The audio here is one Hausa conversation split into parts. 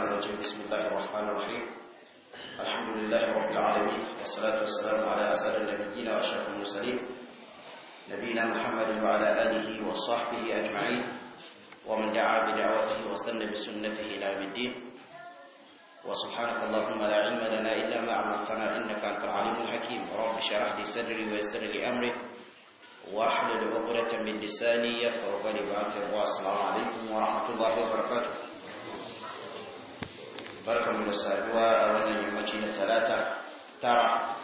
الشيطان الرجيم بسم الله الرحمن الرحيم الحمد لله رب العالمين والصلاة والسلام على أسر النبيين وأشرف المرسلين نبينا محمد وعلى آله وصحبه أجمعين ومن دعا بدعوته واستنى بسنته إلى يوم الدين وسبحانك اللهم لا علم لنا إلا ما علمتنا إنك أنت العليم الحكيم رب اشرح لي صدري ويسر لي أمري واحلل عقدة من لساني يفقهوا قولي والسلام عليكم ورحمة الله وبركاته barkamu da saduwa a wannan yammaci na talata tara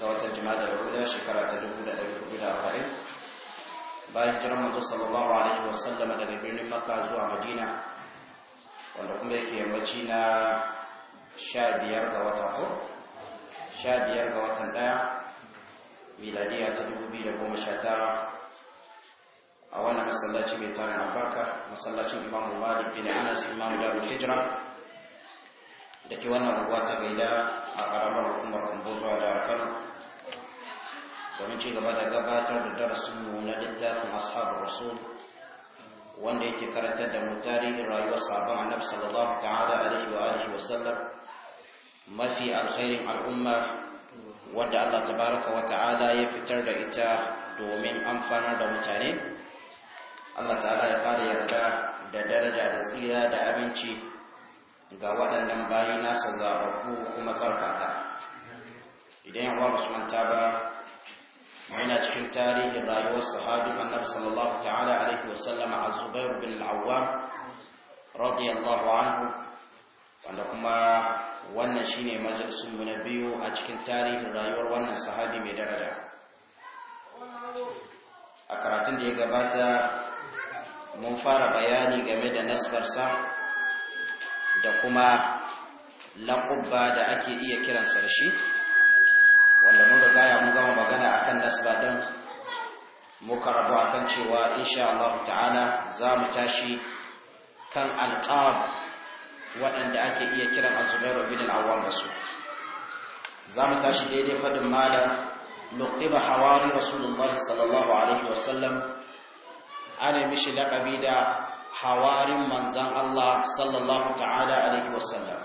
ga watan jima'a da shekara ta dubu da ɗari hudu da bayan jiran manzo sallallahu alaihi wa sallama daga birnin makka zuwa madina wanda kuma yake yammaci na sha biyar ga watan ko sha biyar ga watan ɗaya miladiya ta dubu biyu da sha tara a wannan masallaci mai tarin albarka masallacin imamu malik bin anas imamu darul hijira. da ke wannan unguwa ta gaida a karamar hukumar kumbura da kano domin ci gaba da gabatar da darasinmu na littafin ashabar rasul wanda yake karantar da mu tarihin rayuwar sabon annabi sallallahu ta'ala alaihi wa alihi wa sallam mafi alkhairin al'umma wadda Allah tabaraka wa ta'ala ya fitar da ita domin amfanar da mutane Allah ta'ala ya fara yarda da daraja da tsira da aminci ga waɗannan bayi nasa zaɓaɓɓu kuma tsarkata idan yawa ba su manta ba yana cikin tarihin rayuwar sahabin annabi sallallahu ta'ala alaihi wasallam a zubair bin al'awwam radiyallahu anhu wanda kuma wannan shine majalisun mu na biyu a cikin tarihin rayuwar wannan sahabi mai daraja a karatun da ya gabata mun fara bayani game da nasbarsa da kuma laƙubba da ake iya kiransa da shi wanda mun gaya ya mun gama magana akan nasba din muka rabu akan cewa insha Allah ta'ala za mu tashi kan alqab waɗanda ake iya kiran azubairu bin al-awwam da su za mu tashi daidai faɗin malam luqiba hawari rasulullah sallallahu alaihi wasallam ana mishi laqabi da حوارم منزان الله صلى الله تعالى عليه وسلم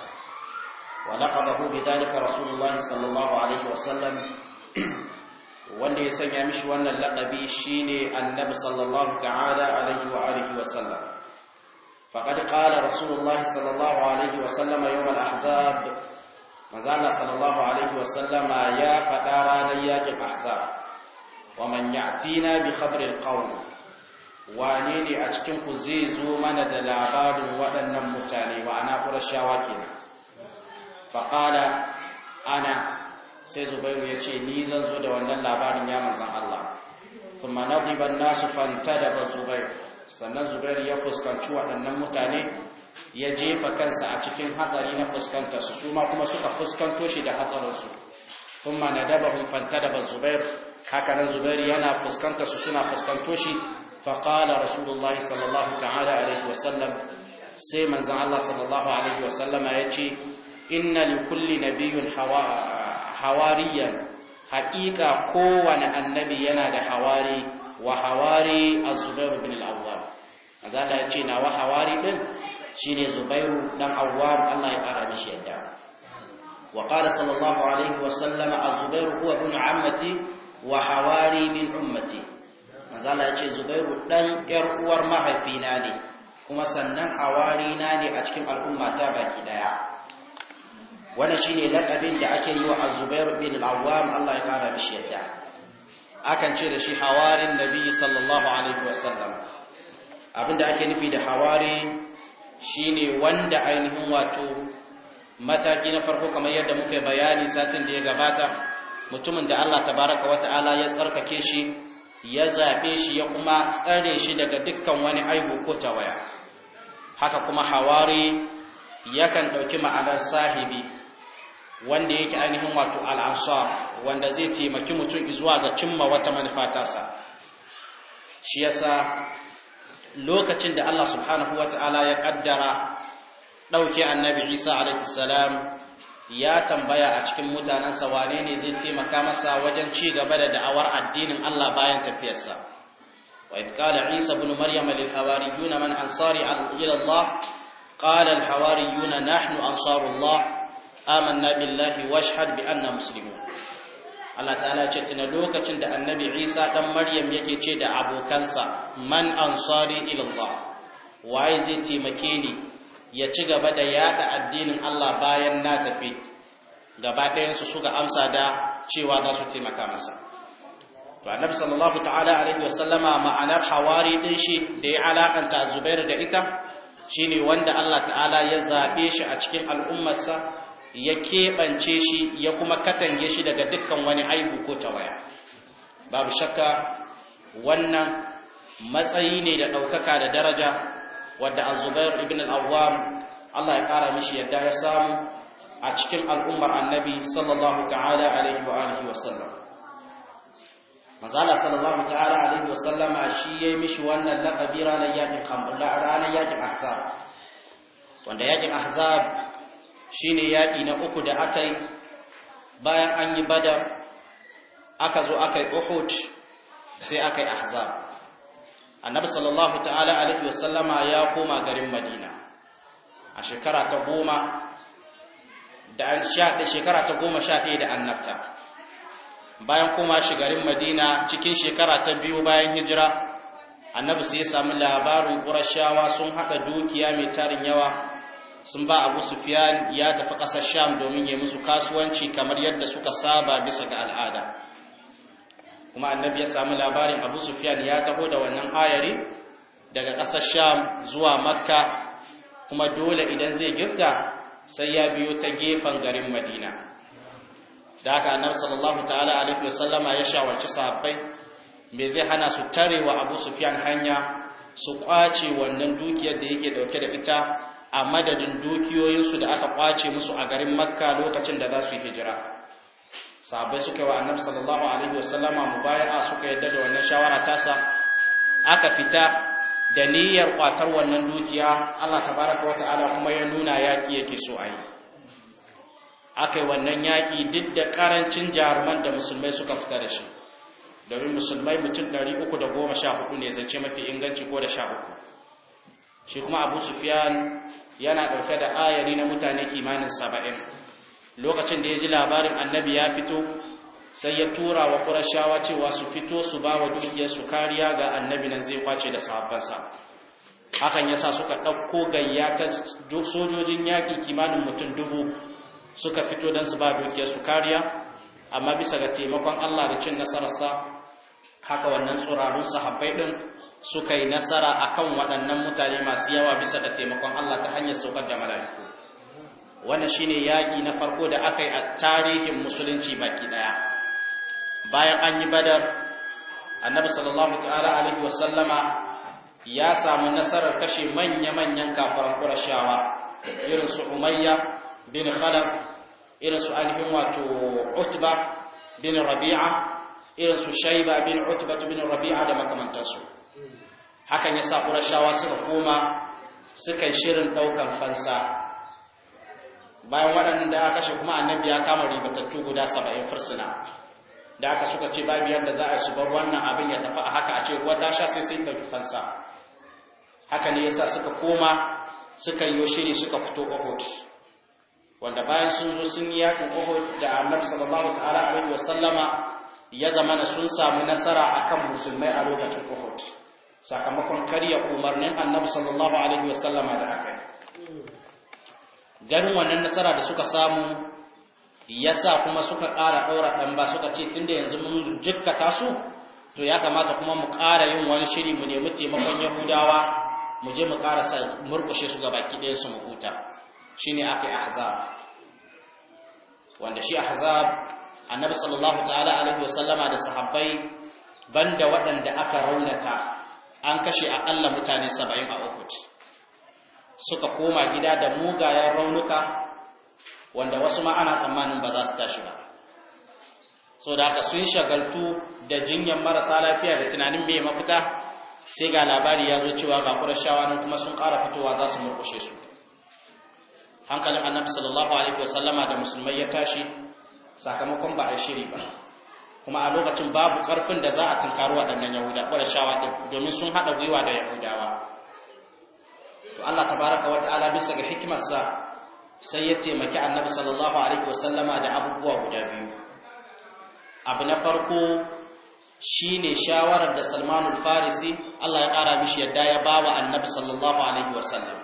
ولقبه بذلك رسول الله صلى الله عليه وسلم واني سمع مش اللقبي الشيني النبي صلى الله تعالى عليه وآله وسلم فقد قال رسول الله صلى الله عليه وسلم يوم الأحزاب مزال صلى الله عليه وسلم يا فتارانيات الأحزاب ومن يعتينا بخبر القوم wane ne a cikin ku zai zo mana da labarin waɗannan mutane ma'ana ƙurashawa kenan faƙala ana sai zubairu ya ce ni zan zo da wannan labarin ya manzan Allah kuma ɗiban nasu fanta da ba zubairu sannan zubairu ya fuskanci waɗannan mutane ya jefa kansa a cikin hatsari na fuskantarsu su ma kuma suka fuskanto shi da hatsarinsu kuma daba fanta da ba zubairu hakanan zubairu yana fuskantarsu suna fuskanto shi faƙala rasulullahi sallallahu ta'ala alaihi wasallam sai manzan Allah sallallahu alaihi wasallama ya ce inna li kulli nabiyyun hawariyan haƙiƙa kowane annabi yana da hawari wa hawari a zubairu bin al'awwam manzan ya ce na wa hawari ɗin shine zubairu dan awwam Allah ya ƙara mishi yadda وقال صلى الله عليه وسلم الزبير هو ابن عمتي وحواري من أمتي manzala ya ce zubairu ɗan ‘yar uwar mahaifina ne kuma sannan a warina ne a cikin al'umma ta baki ɗaya wannan shine lakabin da ake yi wa zubairu bin al'awwam Allah ya ƙara mishi yadda akan ce da shi hawarin nabi sallallahu alaihi wasallam abinda ake nufi da hawari shine wanda ainihin wato mataki na farko kamar yadda muka bayani satin da ya gabata mutumin da Allah tabaraka wata'ala ya tsarkake shi ya zaɓe shi ya kuma tsare shi daga dukkan wani aibu ko tawaya haka kuma hawari yakan ɗauki ma'anar sahibi wanda yake ainihin wato al'ansar wanda zai taimaki mutum zuwa ga cimma wata manufa tasa shi yasa lokacin da Allah subhanahu wa ta'ala ya ƙaddara ɗauke annabi isa alaihi salam ya tambaya a cikin mutanensa wane ne zai taimaka masa wajen ci gaba da da'awar addinin Allah bayan tafiyarsa wa idh qala isa ibn maryam lil hawariyuna man ansari ila Allah qala al hawariyuna nahnu ansarullah amanna billahi washhad bi anna muslimun Allah ta'ala ce tuna lokacin da annabi Isa dan Maryam yake ce da abokansa man ansari ila Allah waye zai taimake ni ya ci gaba da yada addinin Allah bayan na tafi gaba ɗayansu suka amsa da cewa za su taimaka masa to annabi sallallahu ta'ala alaihi wasallama ma'anar hawari din shi da ya alakanta Zubair da ita shine wanda Allah ta'ala ya zabe shi a cikin al'ummarsa ya keɓance shi ya kuma katange shi daga dukkan wani aibu ko tawaya babu shakka wannan matsayi ne da ɗaukaka da daraja wadda azubair ibn al Allah ya kara mishi yadda ya samu a cikin al'ummar annabi sallallahu ta'ala alaihi wa alihi wa sallam sallallahu ta'ala alaihi wa sallama shi yayi mishi wannan laqabi ranar yakin khamla ranar yakin ahzab wanda yakin ahzab shine yaƙi na uku da aka yi bayan an yi bada aka zo aka yi uhud sai aka yi ahzab annabi sallallahu ta'ala alaihi wasallama ya koma garin madina a shekara ta goma da shekara ta goma sha ɗaya da annabta bayan koma shi garin madina cikin shekara ta biyu bayan hijira annabi sai ya samu labarin ƙurashawa sun haɗa dukiya mai tarin yawa sun ba abu sufiyan ya tafi ƙasar sham domin ya musu kasuwanci kamar yadda suka saba bisa ga al'ada kuma annabi ya samu labarin abu sufyan ya taho da wannan ayari daga ƙasar sham zuwa makka kuma dole idan zai girta sai ya biyo ta gefen garin madina da aka annabi sallallahu ta'ala alaihi wasallama ya shawarci sahabbai me zai hana su tare wa abu sufyan hanya su kwace wannan dukiyar da yake dauke da ita a madadin dukiyoyinsu da aka kwace musu a garin makka lokacin da za su yi hijira sabai suka yi wa annabi sallallahu alaihi wasallam mubaya'a suka yadda da wannan shawara tasa aka fita da niyyar kwatar wannan dukiya Allah tabaraka wa ta'ala kuma ya nuna yaki yake so ayi. aka yi wannan yaki duk da karancin jaruman da musulmai suka fita da shi domin musulmai mutum da 314 ne zance mafi inganci ko da 13 shi kuma abu Sufiyan yana ɗauke da ayari na mutane kimanin saba'in lokacin da ya ji labarin annabi ya fito sai ya tura wa ƙurashawa cewa su fito su ba wa dukiyarsu kariya ga annabi nan zai kwace da sahabbansa hakan yasa suka ɗauko gayya ta sojojin yaƙi kimanin mutum dubu suka fito don su ba dukiyarsu kariya amma bisa ga taimakon Allah da cin nasararsa haka wannan tsoraron sahabbai ɗin suka yi nasara akan waɗannan mutane masu yawa bisa da taimakon Allah ta hanyar saukar da mala'iku wannan shine yaƙi na farko da aka yi a tarihin musulunci baki ɗaya bayan an yi badar annabi sallallahu ta'ala alaihi wasallama ya samu nasarar kashe manya-manyan kafaran ƙurashawa irin su umayya bin khalaf irin su ainihin wato utba bin rabi'a irin su shaiba bin utba bin rabi'a da makamantarsu hakan ya sa ƙurashawa suka koma suka shirin ɗaukan fansa bayan waɗannan da aka kashe kuma annabi ya kama ribatattu guda saba'in fursuna da aka suka ce babu yadda za a su bar wannan abin ya tafi a haka a ce ruwa ta sha sai sun ɗauki fansa haka ne yasa suka koma suka yi shiri suka fito Uhud wanda bayan sun zo sun yi yakin Uhud da Annabi sallallahu ta'ala alaihi wa sallama ya zama na sun samu nasara akan musulmai a lokacin Uhud sakamakon karya umarnin Annabi sallallahu alaihi wa sallama da aka yi ganin wannan nasara da suka samu yasa kuma suka ƙara ɗaura ɗan ba suka ce tunda yanzu mun jikkata su to ya kamata kuma mu ƙara yin wani shiri mu nemi taimakon yahudawa mu je mu ƙara murƙushe su ki ɗayan su mu huta shine aka yi ahzab wanda shi ahzab annabi sallallahu ta'ala alaihi wasallama da sahabbai banda waɗanda aka raunata an kashe aƙalla mutane saba'in a uhud suka koma gida da mugayen raunuka wanda wasu ma ana tsammanin ba za su tashi ba so da aka sun shagaltu da jinyar marasa lafiya da tunanin mai mafita sai ga labari ya zo cewa ga kurashawa nan kuma sun ƙara fitowa za su murƙushe su hankalin annabi sallallahu alaihi wasallama da musulmai ya tashi sakamakon ba a shiri ba kuma a lokacin babu ƙarfin da za a tunkari waɗannan yahuda kurashawa ɗin domin sun haɗa gwiwa da yahudawa to Allah tabaraka wa ta'ala bisa ga hikimarsa sai ya taimaki annabi sallallahu alaihi wasallama da abubuwa guda biyu abu na farko shine shawarar da Salman al-Farisi Allah ya ƙara mishi yadda ya bawa annabi sallallahu alaihi wasallam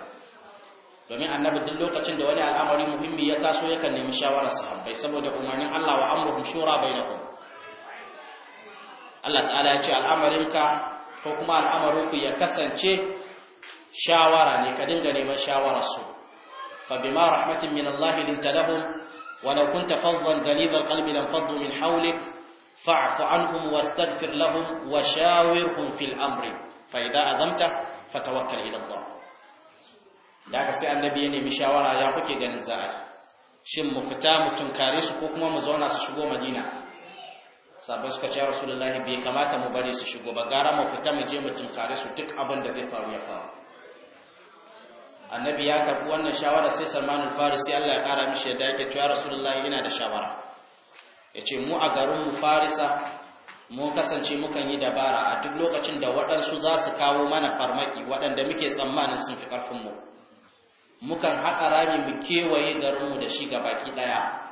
domin annabi duk lokacin da wani al'amari muhimmi ya taso yakan nemi shawarar sahabbai saboda umarnin Allah wa amruhum shura bainahum Allah ta'ala ya ce al'amarinka ko kuma al'amarinku ya kasance shawara ne ka dinga neman shawarar su fa bima rahmatin min Allah linta lahum wa law kunta faddan ghalid alqalbi lam faddu min hawlik fa'fu anhum wastaghfir lahum wa shawirhum fil amri fa idza azamta fatawakkal ila Allah da ka sai annabi ya nemi shawara ya kuke ganin za'a shin mu fita mu tunkare su ko kuma mu zauna su shigo Madina sabon suka ce rasulullahi bai kamata mu bari su shigo ba gara mu fita mu je mu tunkare su duk abin da zai faru ya faru annabi ya karbi wannan shawara sai Salman al-Farisi Allah ya kara mishi yadda yake cewa Rasulullahi ina da shawara yace mu a garin Farisa mu kasance mukan yi dabara a duk lokacin da waɗansu za su kawo mana farmaki waɗanda muke tsammanin sun fi ƙarfin mu mukan haƙa rami mu kewaye garin mu da shi ga baki ɗaya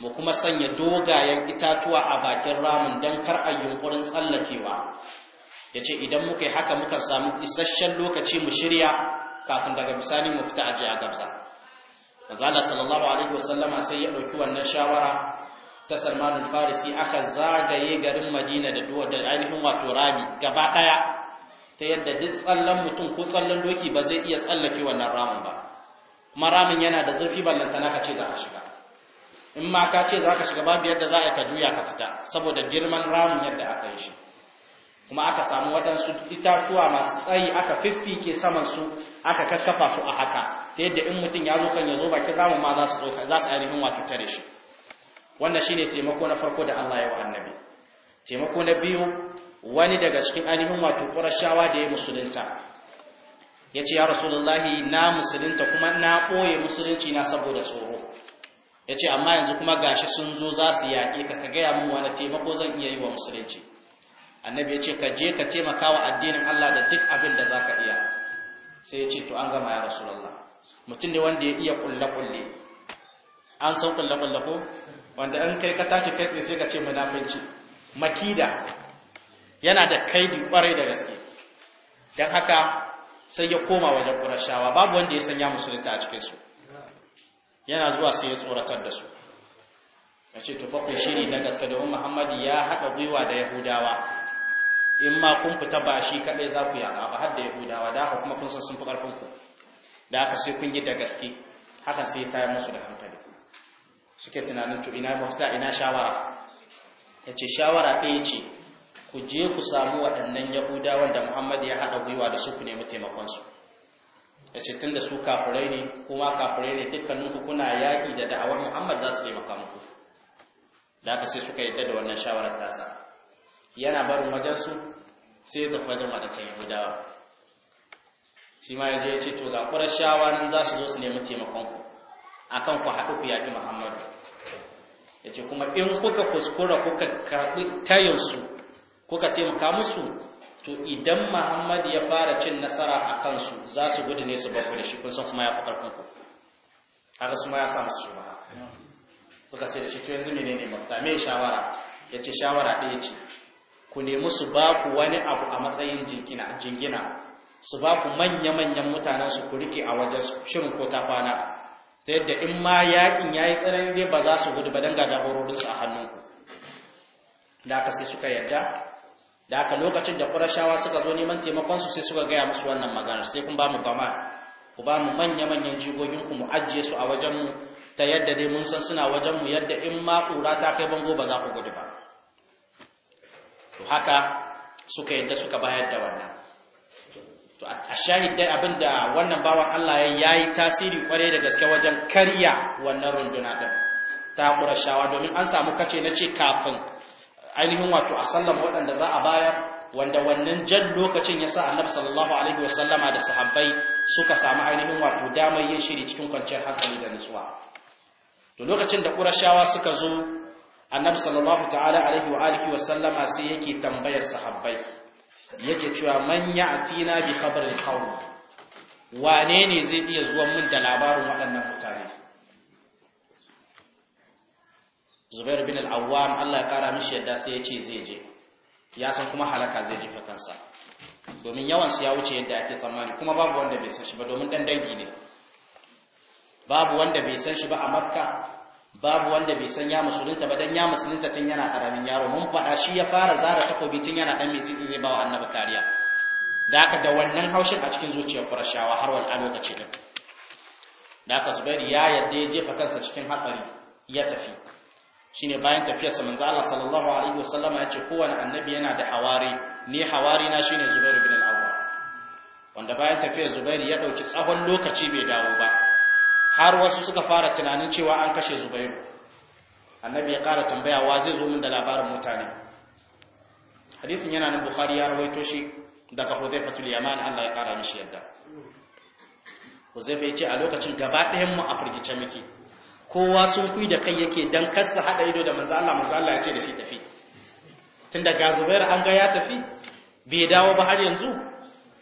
mu kuma sanya dogayen itatuwa a bakin ramin don kar a yunkurin tsallakewa Ya ce idan muka yi haka muka samu isasshen lokaci mu shirya kafin daga misali mu fita aje a gabza manzo sallallahu alaihi wasallama sai ya ɗauki wannan shawara ta Salman farisi aka zagaye garin Madina da duwa da ainihin wato rami gaba ɗaya, ta yadda duk tsallan mutum ko tsallan doki ba zai iya tsallake wannan ramin ba kuma ramin yana da zurfi na ka ce za ka shiga in ma ka ce za ka shiga babu yadda za a ka juya ka fita saboda girman ramin yadda aka yi shi kuma aka samu waɗansu itatuwa masu tsayi aka fiffike samansu aka kakkafa su a haka ta yadda in mutum ya zo kan ya zo bakin ramin ma za su ainihin wato tare shi wannan shine taimako na farko da Allah ya wa annabi taimako na biyu wani daga cikin ainihin wato qurashawa da ya musulunta ya ce ya rasulullahi na musulunta kuma na boye musulunci na saboda tsoro yace amma yanzu kuma gashi sun zo za su yaƙe ka ka gaya min wani taimako zan iya yi wa musulunci annabi ya ce ka je ka taimaka wa addinin Allah da duk abin da zaka iya sai ya ce to an gama ya rasulullah mutum ne wanda ya iya kulle kulle an san kulle kulle ko wanda an kai ka tace kai sai ka ce munafinci makida yana da kaidi kwarai da gaske dan haka sai ya koma wajen qurashawa babu wanda ya sanya musulunta a cikin su yana zuwa sai ya tsoratar da su ya ce to fa shiri na gaske domin muhammadi ya haɗa gwiwa da yahudawa in ma kun fita ba shi kadai za ku yaƙa ba har da yahudawa da haka kuma kun san sun fi ƙarfin ku da haka sai kun yi da gaske haka sai ta yi musu da hankali suke tunanin to ina mafita ina shawara ya ce shawara ɗaya ce ku je ku samu waɗannan yahudawan da muhammad ya haɗa gwiwa da su ku nemi taimakonsu ya ce tun da su kafirai ne kuma kafirai ne dukkaninku kuna yaƙi da da'awar muhammad za su taimaka muku da haka sai suka yarda da wannan shawarar tasa yana barin wajensu sai ya tafi wajen waɗancan yahudawa shi ma ya je ya ce to ga ƙurashawa nan za su zo su nemi taimakon ku akan ku haɗu ku yaƙi muhammadu ya ce kuma in kuka kuskura kuka karɓi tayinsu kuka taimaka musu to idan muhammadu ya fara cin nasara a kansu za su gudu ne su bakwai da shi kun san kuma ya fi ƙarfin ku haka su ma ya sa musu shugaba suka ce da shi to yanzu menene mafita me shawara ya ce shawara ɗaya ce ku nemi su ba ku wani abu a matsayin jingina su ba ku manya-manyan mutanen su ku a wajen shirin ko ta kwana ta yadda in ma yakin ya yi tsanani dai ba za su gudu ba don ga jagororinsu a hannunku da aka sai suka yarda da aka lokacin da ƙurashawa suka zo neman su sai suka gaya musu wannan magana sai kun ba mu gama ku ba mu manya-manyan jigoginku mu ajiye su a wajenmu ta yadda dai mun san suna wajenmu yadda in ma ƙura ta kai bango ba za ku gudu ba to haka suka yadda suka bayar da wannan to a shahid dai abinda wannan bawan Allah ya yayi tasiri kware da gaske wajen karya wannan runduna din ta Qurashawa domin an samu kace nace kafin ainihin wato a sallama waɗanda za a bayar wanda wannan jan lokacin ya sa Annabi sallallahu alaihi wasallama da sahabbai suka samu ainihin wato damar yin shiri cikin kwanciyar hankali da nutsuwa to lokacin da Qurashawa suka zo annabi sallallahu ta'ala alaihi wa alihi wa sallama sai yake tambayar sahabbai yake cewa man ya'tina bi khabaril qaum wane ne zai iya zuwa min da labarin waɗannan mutane Zubair bin al-Awwam Allah ya kara mishi yadda sai ya ce zai je ya san kuma halaka zai jefa kansa domin yawan su ya wuce yadda ake tsammani kuma babu wanda bai san shi ba domin dan dangi ne babu wanda bai san shi ba a Makka babu wanda bai san ya musulunta ba dan ya musulunta tun yana karamin yaro mun faɗa shi ya fara zara takobi tun yana dan mai zai bawa annabi kariya da aka da wannan haushin a cikin zuciyar Qurashawa har wal a lokaci din da aka zubairu ya yarda ya jefa kansa cikin hatsari ya tafi shine bayan sa manzo Allah sallallahu alaihi wasallam ya ce kowane annabi yana da hawari ni hawari na shine Zubair bin al-Awwam wanda bayan tafiyar Zubair ya dauki tsawon lokaci bai dawo ba har wasu suka fara tunanin cewa an kashe zubairu annabi ya kara tambaya wa zai zo min da labarin mutane hadisin yana nan bukhari ya rawaito shi daga huzaifatul yaman Allah ya kara mishi yadda huzaifa ya ce a lokacin gaba ɗayan mu a firgice miki kowa sun kui da kai yake dan kasa haɗa ido da manzo Allah manzo Allah ya ce da shi tafi tun ga zubairu an ga ya tafi bai dawo ba har yanzu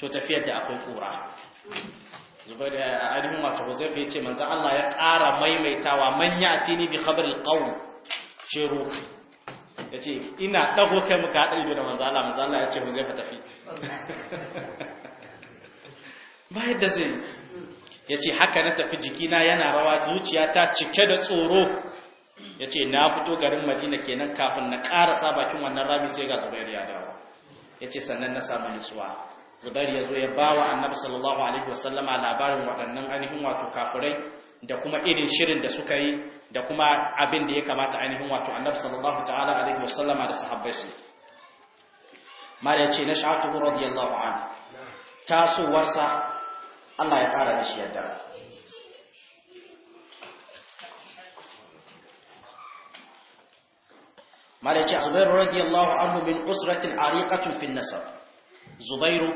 to tafiyar da akwai kura zubai da alimin wata, huzaifa ya ce manzo Allah ya ƙara maimaitawa manya a tini bi khabaril qawm shiru ya ce ina ɗago kai muka haɗa ido da manzo Allah Allah ya ce huzaifa tafi ba yadda zai ya ce haka na tafi jikina yana rawa zuciya ta cike da tsoro ya ce na fito garin madina kenan kafin na ƙarasa bakin wannan Rabi sai ga zubairu ya dawo ya ce sannan na samu nutsuwa Zubairu ya zo ya ba wa annabi sallallahu alaihi wasallama labarin waɗannan ainihin wato kafirai da kuma irin shirin da suka yi da kuma abin da ya kamata ainihin wato annabi sallallahu ta'ala alaihi wasallama da sahabbai su mala ya ce na sha'atuhu radiyallahu anhu tasowarsa Allah ya ƙara da shi yadda mala ya ce a zubair radiyallahu mu min usratin ariqatun fin nasab zubairu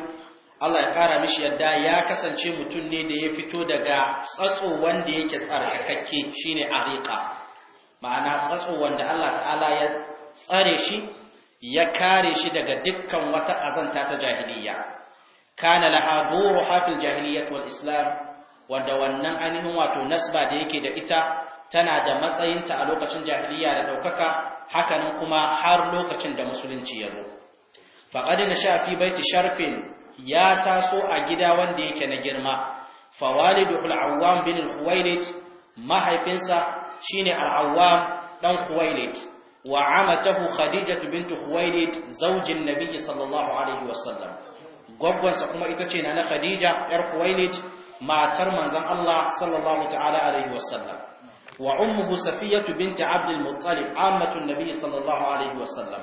Allah ya ƙara mishi yadda ya kasance mutum ne da ya fito daga tsatso wanda yake tsarkakakke shine ariqa ma'ana tsatso wanda Allah ta'ala ya tsare shi ya kare shi daga dukkan wata azanta ta jahiliya kana laha duru hafil jahiliyyat wal islam wanda wannan ainihin wato nasba da yake da ita tana da matsayinta a lokacin jahiliya da ɗaukaka hakanan kuma har lokacin da musulunci ya zo faqad nasha fi baiti sharfin ya taso a gida wanda yake na girma fawaliduhu al-awwam bin al mahaifinsa shine al-awwam ɗan huwailid wa amatahu khadijatu bint huwailid zaujin nabiyyi sallallahu alaihi wasallam gwaggwansa kuma ita ce na khadija yar huwailid matar manzon Allah sallallahu ta'ala alaihi wasallam wa ummuhu safiyatu bint abd al-muttalib ammatu na nabiy sallallahu alaihi wasallam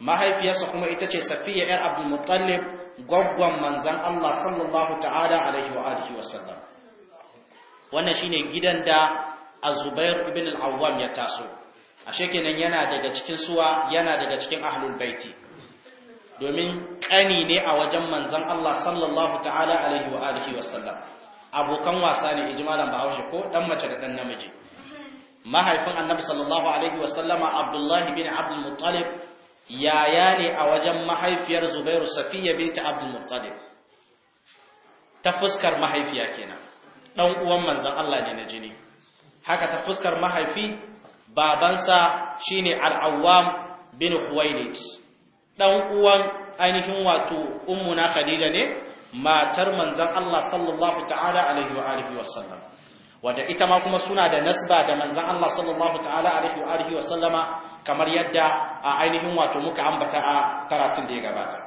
mahaifiyarsa kuma ita ce safiya yar abdul muttalib gwaggon manzan Allah sallallahu ta'ala alaihi wa alihi wa sallam wannan shine gidan da az-zubair ibn al-awwam ya taso ashe kenan yana daga cikin suwa yana daga cikin ahlul baiti domin kani ne a wajen manzan Allah sallallahu ta'ala alaihi wa alihi wa sallam abokan wasa ne ijmalan bahaushe ko dan mace da dan namiji mahaifin annabi sallallahu alaihi wa sallama abdullahi bin abdul muttalib yaya ne a wajen mahaifiyar Zubairu Safiya binta Abdul Muttalib ta fuskar mahaifiya kenan dan uwan manzon Allah ne na jini haka ta fuskar mahaifi babansa shine Al-Awwam bin Khuwailid dan uwan ainihin wato ummuna Khadija ne matar manzon Allah sallallahu ta'ala alaihi wa alihi wa sallam wanda ita ma kuma suna da nasba da manzan Allah sallallahu ta'ala alaihi wa wa sallama kamar yadda a ainihin wato muka ambata a karatun da ya gabata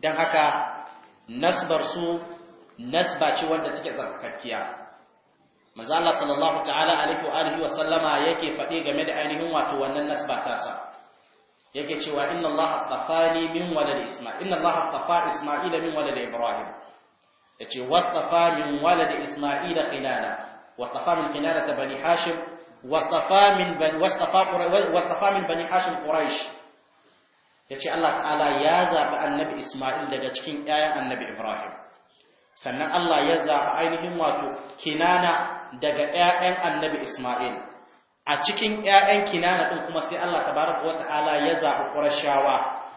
Don haka nasbar su nasba ce wanda take tsarkakkiya manzon Allah sallallahu ta'ala alaihi wa alihi wa sallama yake faɗe game da ainihin wato wannan nasba ta sa yake cewa inna Allah astafani min walad isma'il inna Allah astafa isma'ila min walad ibrahim yace wastafa min walad isma'ila khilala wastafa min khilala bani hashim wastafa min bani wastafa wastafa min bani hashim quraish yace Allah ta'ala ya zabi annabi isma'il daga cikin ƴaƴan annabi ibrahim sannan Allah ya zabi ainihin wato kinana daga ƴaƴan annabi isma'il a cikin ƴaƴan kinana ɗin kuma sai Allah tabaraka wata'ala ya zaɓi ƙurashawa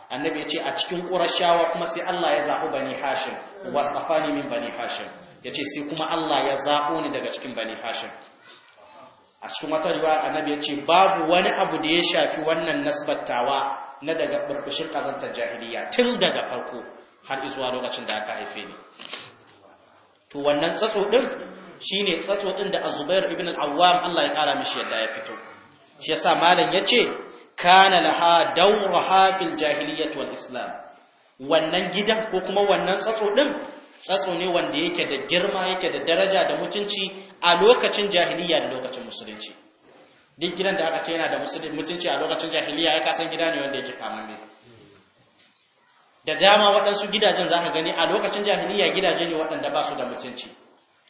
annabi ya ce a cikin ƙurashawa kuma sai Allah ya zaɓi bani hashim wasafani min bani hashim yace sai kuma Allah ya zabo ni daga cikin bani hashim a cikin wata riwaya annabi yace babu wani abu da ya shafi wannan nasbattawa na daga burbushin kazantar jahiliya tun daga farko har zuwa lokacin da aka haife ni to wannan tsatso din shine tsatso din da Azubair ibn al-Awwam Allah ya kara mishi yadda ya fito shi yasa malam yace kana laha dawruha fil jahiliyyah wal islam wannan gidan ko kuma wannan tsatso din tsatso ne wanda yake da girma yake da daraja da mutunci a lokacin jahiliya da lokacin musulunci duk gidan da aka ce yana da mutunci a lokacin jahiliya ya kasan gida ne wanda yake kaman ne da dama waɗansu gidajen za ka gani a lokacin jahiliya gidaje ne waɗanda ba su da mutunci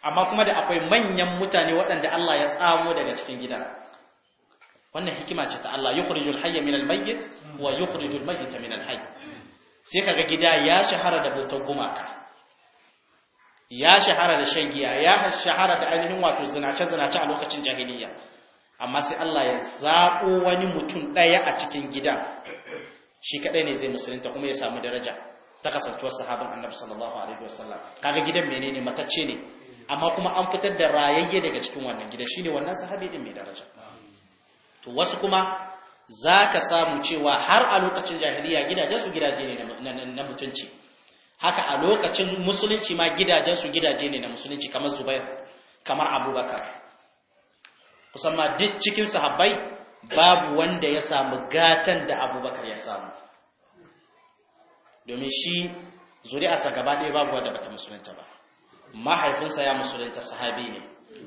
amma kuma da akwai manyan mutane waɗanda Allah ya tsamo daga cikin gidan wannan hikima ce ta Allah yukhrijul hayya minal mayyit wa yukhrijul mayyita minal hayy sai kaga gida ya shahara da bautar gumaka ya shahara da shan giya ya shahara da ainihin wato zinace-zinace a lokacin jahiliya amma sai Allah ya zaɓo wani mutum ɗaya a cikin gida shi kadai ne zai musulunta kuma ya samu daraja ta kasantuwar sahabin annabi sallallahu alaihi wasallam kaga gidan menene matacce ne amma kuma an fitar da rayayye daga cikin wannan gida shine wannan sahabi din mai daraja to wasu kuma za ka samu cewa har a lokacin jahiliya gidajensu gidaje ne na mutunci haka a lokacin musulunci ma gidajensu gidaje ne na musulunci kamar zubair kamar abubakar kusan ma duk cikin sahabbai babu wanda ya samu gatan da abubakar ya samu domin shi zuri'arsa gaba ɗaya babu wadda bata musulunta ba mahaifinsa ya musulunta sahabi ne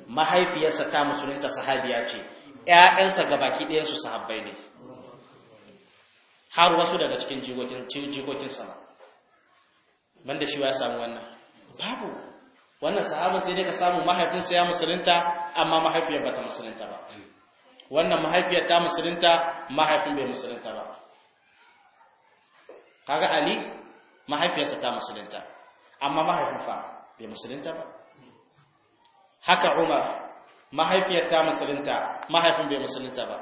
mahaifiyarsa ta musulunta sahabiya ce ‘ya'yansa gabaki ɗayansu sahabbai ne har wasu daga cikin jikokin sama banda shi ya samu wannan babu wannan sahaba sai dai ka samu mahaifinsa ya musulunta amma mahaifiyar ta musulunta ba wannan mahaifiyar ta musulunta mahaifin bai musulunta ba kaga ali mahaifiyarsa ta musulunta amma mahaifin fa bai musulunta ba haka umar mahaifiyar ta musulunta mahaifin bai musulunta ba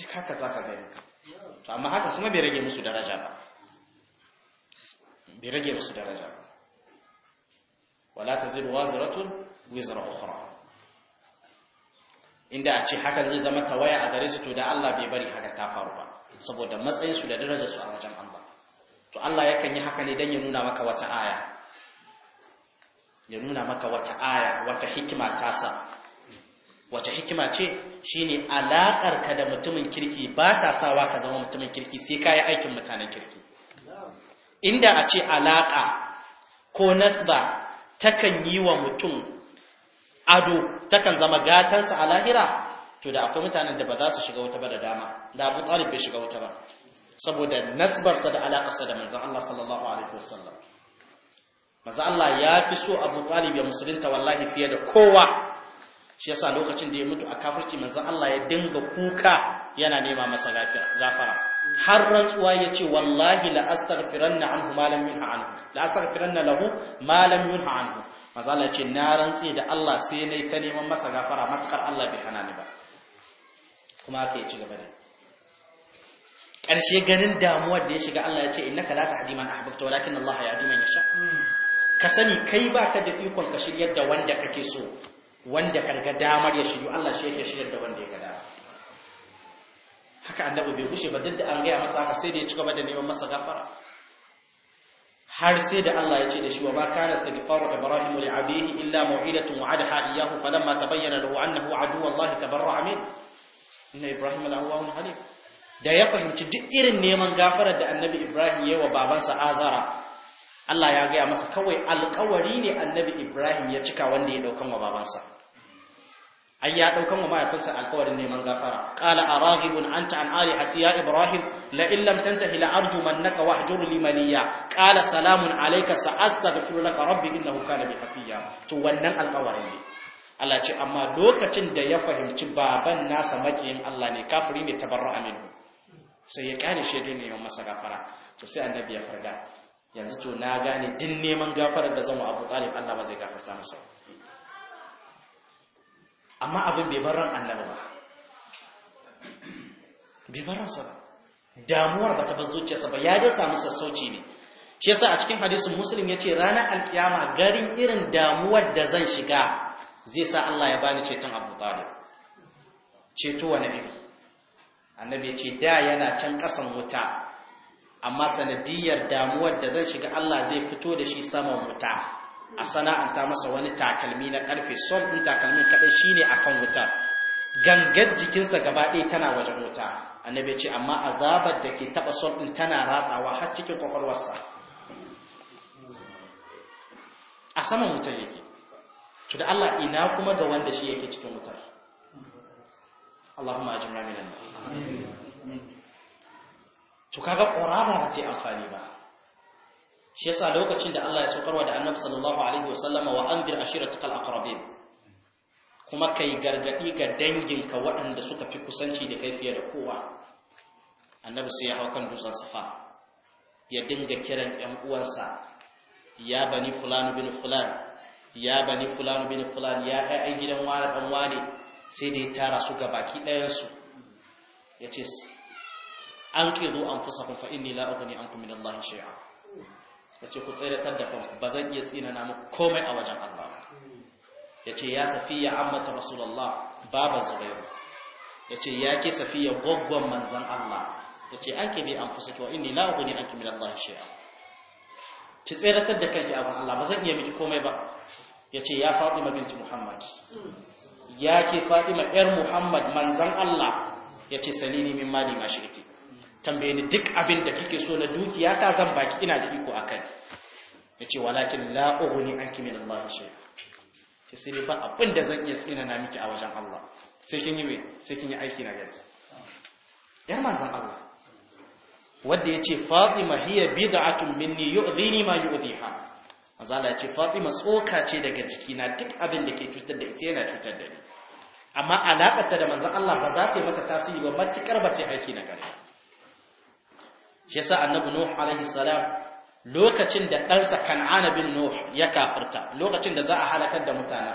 duk haka ka gani to amma haka kuma bai rage musu daraja ba bai rage musu daraja ba wala taziru wazratun wizra ukhra inda a ce hakan zai zama tawaya a gare su to da Allah bai bari haka ta faru ba saboda matsayin su da darajar su a wajen Allah to Allah yakan yi haka ne dan ya nuna maka wata aya ya nuna maka wata aya wata hikima ta sa wace hikima ce shine alaƙar ka da mutumin kirki ba ta sawa ka zama mutumin kirki sai ka yi aikin mutanen kirki inda a ce alaƙa ko nasba takan yi wa mutum ado takan zama gatansa a lahira to da akwai mutanen da ba za su shiga wuta ba da dama da abu talib bai shiga wuta ba saboda nasbarsa da alaƙarsa da manzan Allah sallallahu alaihi wasallam manzan Allah ya fi so abu talib ya musulunta wallahi fiye da kowa shi yasa lokacin da ya mutu a kafirci manzon Allah ya dinga kuka yana nema masa gafara har rantsuwa ya ce wallahi la astaghfiranna anhu ma lam yunha anhu la astaghfiranna lahu ma lam yunha anhu manzon Allah ya ce na rantsi da Allah sai nayi ta neman masa gafara matakar Allah bai hana ni ba kuma aka yi ci gaba da ƙarshe ganin damuwar da ya shiga Allah ya ce innaka la tahdi man ahbabta walakin Allah yahdi man yasha hmm. ka sani kai baka da ikon ka shiryar da wanda kake so wanda karga damar ya shiryu Allah shi yake shiryar da wanda ya ga dama haka annabi bai gushe ba duk da an gaya masa haka sai da ya ci gaba da neman masa gafara har sai da Allah ya ce da shi wa ma kana istighfaru ibrahim li abihi illa maw'idatun wa'adaha iyyahu falamma tabayyana lahu annahu aduwwu Allah tabarra'a min inna ibrahim la'awwahun halim da ya fahimci duk irin neman gafara da annabi ibrahim ya wa babansa azara Allah ya gaya masa kawai alkawari ne annabi ibrahim ya cika wanda ya daukan wa babansa ai ya daukan wa mahaifinsa alkawarin neman gafara qala araghibun anta an alihati ya ibrahim la in lam tantahi la arjumannaka wahjur li maliya qala salamun alayka sa'astaghfiru laka rabbi innahu kana bi hafiya to wannan alkawarin ne Allah ce amma lokacin da ya fahimci baban nasa makiyin Allah ne kafiri ne tabarra'a minhu sai ya kare shi da neman masa gafara to sai annabi ya farga yanzu to na gane din neman gafarar da zan wa Abu Talib Allah ba zai gafarta masa amma abin bai bar ran annabi ba bai bar ba damuwar ba ta bar zuciyarsa ba ya dai samu sassauci ne shi yasa a cikin hadisin muslim yace ranar alkiyama garin irin damuwar da zan shiga zai sa Allah ya bani ceton Abu Talib ceto wani iri annabi yace da yana can kasan wuta amma sanadiyar damuwar da zan shiga Allah zai fito da shi saman wuta a sana'anta masa wani takalmi na karfe son ɗin takalmin kaɗai a akan wuta gangar jikinsa gaba ɗaya tana wajen wuta annabi ce amma azabar da ke taɓa son ɗin tana ratsawa har cikin ƙwaƙwalwarsa. a saman wutar yake to da Allah ina kuma ga wanda shi yake cikin wutar Allahumma ajirna minan to kaga ƙoraba ba ta yi amfani ba shi yasa lokacin da Allah ya saukarwa da Annabi sallallahu alaihi wasallama wa anzir ashiratakal aqrabin kuma kai gargadi ga danginka waɗanda suka fi kusanci da kai fiye da kowa Annabi sai ya hau kan dutsen Safa ya dinga kiran ƴan uwansa ya bani fulani bin fulani ya bani fulani bin fulani ya ƴaƴan gidan wani dan wani sai da ya tara su ga baki ɗayan su yace an qidu anfusakum fa inni la ughni ankum min Allah shay'a ya ce ku tsiratar da kanku ba zan iya tsinana muku komai a wajen Allah ya ce ya safiya ammata rasulullah baba zubairu ya ce ya ke safiya gwaggon manzan Allah ya ce ake bi an fusa kiwa inni la'ubu ne an kimin Allah shi'a ki tsiratar da kanki abin Allah ba zan iya miki komai ba ya ce ya fatima binti muhammad ya ke fatima yar muhammad manzan Allah ya ce salini min mali ma shi'iti tambaye ni duk abin da kike so na dukiya ta zan baki ina da iko akan yace walakin la ughni anki min Allah shay ce sai ba abin da zan iya tsina na miki a wajen Allah sai kin yi me sai kin yi aiki na gari yar mazan Allah wanda yace Fatima hiya bid'atun minni yu'dini ma yu'diha azala yace Fatima tsoka ce daga jikina duk abin da ke cutar da ita yana cutar da ni amma alaƙarta da manzon Allah ba za ta yi mata tasiri ba matukar ba ce aiki na gari shi yasa annabi nuh alaihi salam lokacin da ɗansa kan'ana bin nuh ya kafirta lokacin da za a halakar da mutana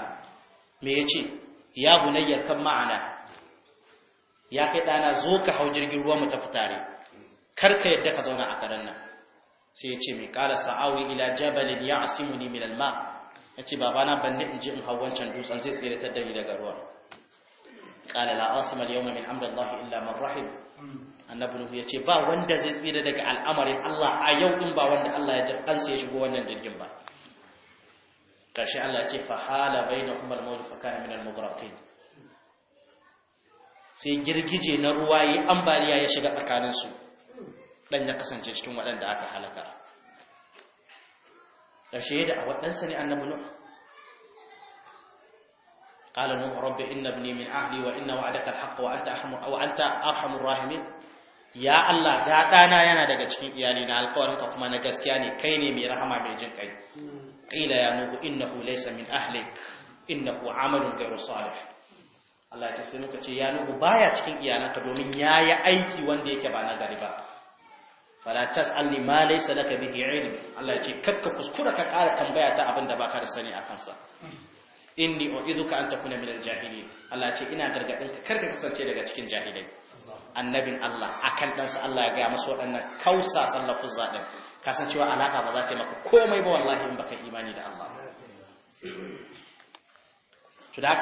me yace ya bunayya kan ma'ana ya kai ɗana zo ka hau jirgin ruwa mu tafi tare kar ka yadda ka zauna a karen nan sai ya ce mai kala sa'awi ila jabalin ya asimuni min alma ya ce babana ban ni in ji in hau wancan dutsen zai tsiratar da ni daga ruwa ƙala la asimar yau min amdallahi illa man rahim annabi nuhu ya ce ba wanda zai tsira daga al'amarin Allah a yau in ba wanda Allah ya kansa ya shigo wannan jirgin ba karshe Allah ya ce fa hala bainahum al-mawj fa kana min al-mughraqin sai girgije na ruwa yi ambaliya ya shiga tsakanin su dan ya kasance cikin waɗanda aka halaka karshe da a waɗansa ne annabi nuhu قال نوح رب إن ابني من أهلي وإن وعدك الحق وأنت أرحم, وأنت أرحم الراحمين ya Allah da ɗana yana daga cikin iyali na alƙawarinka kuma na gaskiya ne kai ne mai rahama mai jin kai qila ya nuhu innahu laysa min ahlik innahu amalun ghayru salih Allah ya tsare muka ce ya nuhu baya cikin iyalanka domin yayi aiki wanda yake ba na gari ba fala tasalni ma laysa laka bihi ilm Allah ya ce kakka kuskura ka ƙara tambaya ta abin da baka da sani akan sa inni u'iduka an takuna min al-jahilin Allah ya ce ina gargadin ka karka kasance daga cikin jahilai annabin Allah a kan ɗansa Allah ya gaya masu waɗannan kausa sallafin zaɗin kasancewa alaƙa ba za ta maka komai ba wallahi in baka imani da Allah to da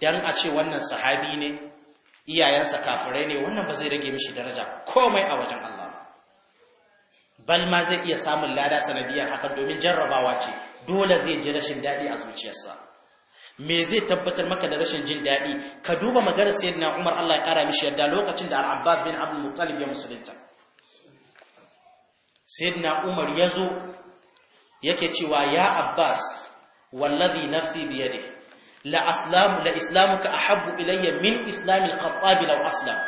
dan a ce wannan sahabi ne iyayensa kafirai ne wannan ba zai rage mishi daraja komai a wajen Allah bal ma zai iya samun lada sanadiyar haka domin jarrabawa ce dole zai ji rashin daɗi a zuciyarsa me zai tabbatar maka da rashin jin daɗi ka duba maganar sayyidina Umar Allah ya kara mishi yadda lokacin da Al-Abbas bin Abdul Muttalib ya musulunta sayyidina Umar ya zo yake cewa ya Abbas wallazi nafsi bi yadihi la aslamu la islamuka ahabbu ilayya min islamil khattab law aslam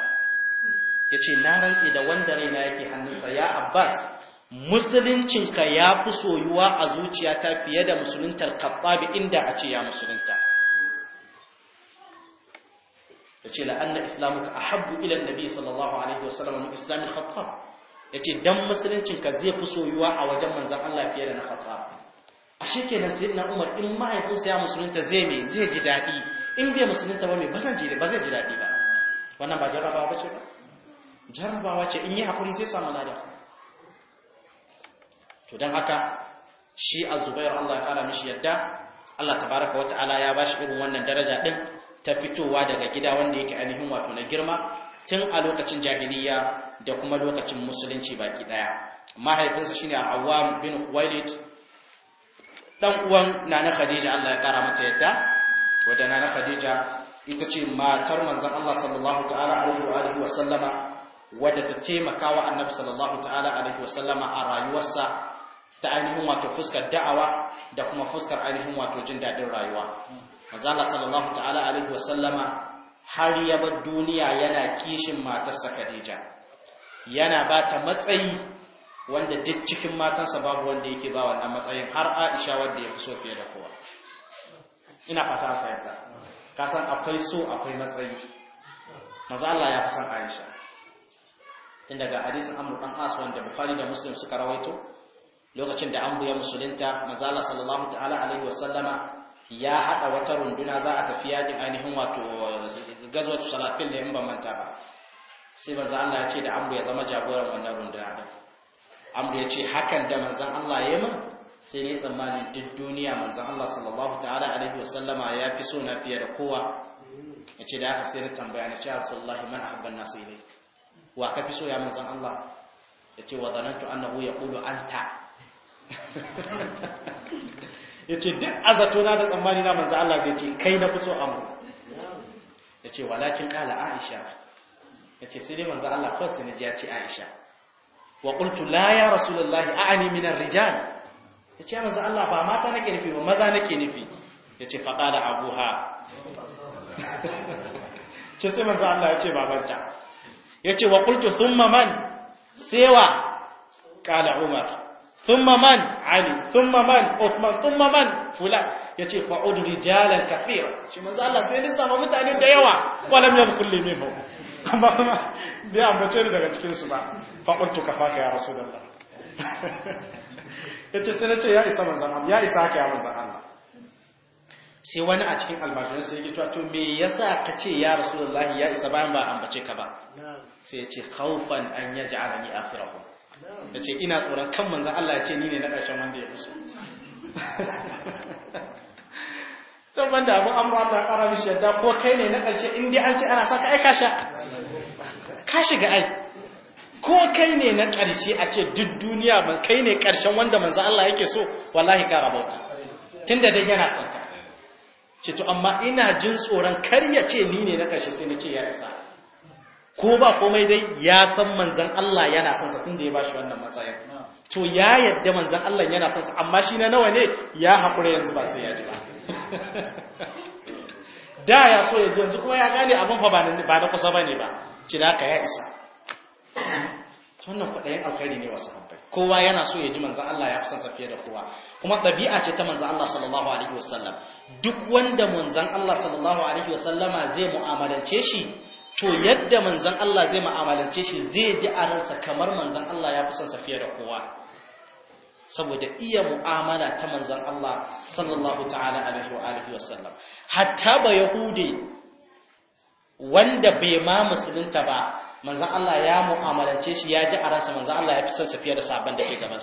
yace na rantsi da wanda raina yake hannunsa ya Abbas musuluncinka ya fi soyuwa a zuciyata fiye da musuluntar kaɓaɓi inda a ce ya musulunta Ya ce la'anna islamuka a habbu ilan nabi sallallahu alaihi wasallam mu islamin khattab ya ce don musuluncinka zai fi soyuwa a wajen manzan Allah fiye da na khattab a shi kenan sai na umar in mahaifinsa ya musulunta zai mai zai ji daɗi in bai musulunta ba mai ba zan ji daɗi ba wannan ba jarrabawa ba ce ba jarrabawa ce in yi haƙuri zai samu ladan to don haka shi a Zubairu Allah ya kara mishi yadda Allah tabaraka wa ta'ala ya bashi irin wannan daraja din ta fitowa daga gida wanda yake ainihin wato na girma tun a lokacin jahiliya da kuma lokacin musulunci baki daya mahaifinsa shine Awwam bin Khuwailid dan uwan nana Khadija Allah ya kara mata yadda wadda nana Khadija ita ce matar manzon Allah sallallahu ta'ala alaihi wa alihi wa sallama wadda ta taimaka wa annabi sallallahu ta'ala alaihi wa sallama a rayuwarsa ta ainihin wato fuskar da'awa da kuma fuskar ainihin wato jin daɗin rayuwa manzala sallallahu ta'ala alaihi wasallama har ya bar duniya yana kishin matarsa Khadija yana ba ta matsayi wanda duk cikin matansa babu wanda yake ba wannan matsayin har Aisha wanda ya fi so fiye da kowa ina fata a fahimta ka san akwai so akwai matsayi maza Allah ya fi san Aisha tun daga hadisin Amr dan As wanda Bukhari da Muslim suka rawaito lokacin da an buya musulunta mazala sallallahu ta'ala alaihi wasallama ya haɗa wata runduna za a tafi yakin ainihin wato gazwatu salafin da in ban manta ba sai manzo Allah ya ce da amru ya zama jagoran wannan runduna din amru ya ce hakan da manzon Allah ya yi min sai ne tsammanin duk duniya manzon Allah sallallahu ta'ala alaihi wasallama ya fi so na fiye da kowa ya ce da aka sai na tambaya na ce rasulullahi man ahabban nasu ilayk wa ka fi so ya manzon Allah ya ce wa zanantu annahu yaqulu anta ya ce duk a zatona da tsammani na manzan Allah zai ce kai na kusa amma. amu ya ce walakin ƙala aisha ya ce sai dai manzan Allah sai na ji ya ce aisha wa ƙuntu la ya rasulullahi a'ani minar rijal ya ce manzan Allah ba mata nake nufi ba maza nake nufi ya ce faɗa da abu ha ce sai manzan Allah ya ce babanta ya ce wa ƙuntu sun maman sewa ƙala umar thumma man ali thumma man uthman thumma man fulan yace fa'ud rijalan kathira shi manzo Allah sai lissafa mutane da yawa walam yamkul li minhu amma bai ambace ni daga cikin su ba fa'ultu kafaka ya rasulullah yace sai nace ya isa manzo Allah ya isa ka ya manzo Allah sai wani a cikin almajirin sai ya cewa to me yasa ka ce ya rasulullah ya isa bayan ba ambace ka ba sai ya ce khawfan an yaj'alani akhirahum ya ce ina tsoron kan manzan Allah ya ce ni ne na ƙarshen wanda ya fi so can ban da abin amur Allah ƙara mishi yadda ko kai ne na ƙarshe in dai an ce ana sa ka aika sha ka shiga ai ko kai ne na ƙarshe a ce duk duniya kai ne ƙarshen wanda manzan Allah yake so wallahi ka rabauta tun da dai yana son ce to amma ina jin tsoron kar ya ce ni ne na ƙarshe sai na ce ya isa ko ba komai dai ya san manzan Allah yana son sa tun da ya ba shi wannan matsayin to ya yadda manzan Allah yana son sa amma shi na nawa ne ya haƙura yanzu ba sai ya ji ba da ya so ya ji yanzu kuma ya gane abin fa ba na kusa bane ba ci da ka ya isa wannan kwaɗayin alkhairi ne wasu habbai kowa yana so ya ji manzan Allah ya fi son sa fiye da kowa kuma ɗabi'a ce ta manzan Allah sallallahu alaihi wasallam duk wanda manzan Allah sallallahu alaihi wasallama zai mu'amalance shi to yadda manzan Allah zai ma'amalance shi zai ji a ransa kamar manzan Allah ya fi son sa fiye da kowa saboda iya mu'amala ta manzan Allah sallallahu ta'ala alaihi wa alihi wa sallam hatta ba yahudi wanda bai ma musulunta ba manzan Allah ya mu'amalance shi ya ji a ransa manzan Allah ya fi son sa fiye da sabon da ke gaban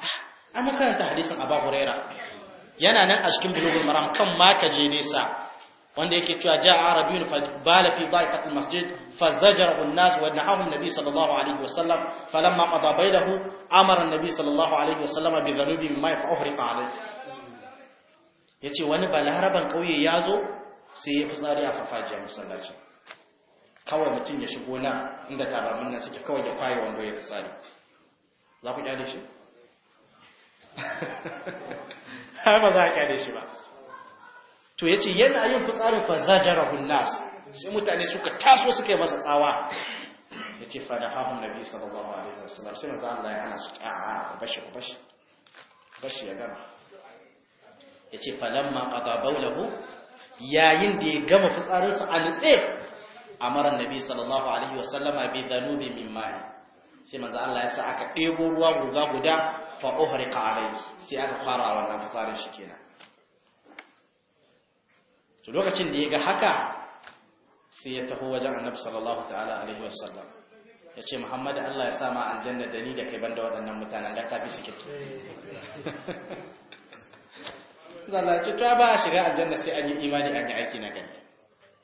ah, an karanta hadisin Abu Huraira yana nan a cikin bulugul maram kan maka ka je nesa وان ده يكتوى جاء عربي فبال في ضائقة المسجد فزجر الناس ونعاه النبي صلى الله عليه وسلم فلما قضى بيده أمر النبي صلى الله عليه وسلم بذنوب مما يفعهرق عليه يتي وان بالهربا قوي يازو سيفزاري أففاجي مسلاة kawai mutum ya shigo na inda tabarmin nan suke kawai ya fayi wando ya fasari za ku kyale shi ba za ku kyale to yace yana yin fitsarin fa zajarahu nas sai mutane suka taso suka yi masa tsawa yace fa da hahun nabi sallallahu da wasallam sai manzo Allah ya ana su a a bashi bashi bashi ya gama yace fa lamma qadabaulahu yayin da ya gama fitsarinsa a nutse a na nabi sallallahu alaihi wasallama bi dhanubi min ma'i sai manzo Allah ya sa aka ɗebo ruwa guda guda fa'o uhriqa alaihi sai aka fara wannan fitsarin shi kenan to lokacin da ya ga haka sai ya taho wajen annabi sallallahu ta'ala alaihi wasallam ya ce muhammadu allah ya sama aljanna da ni da kai banda waɗannan mutanen da kafi su kirki ce ta ba a shiga aljanna sai an yi imani an yi aiki na gari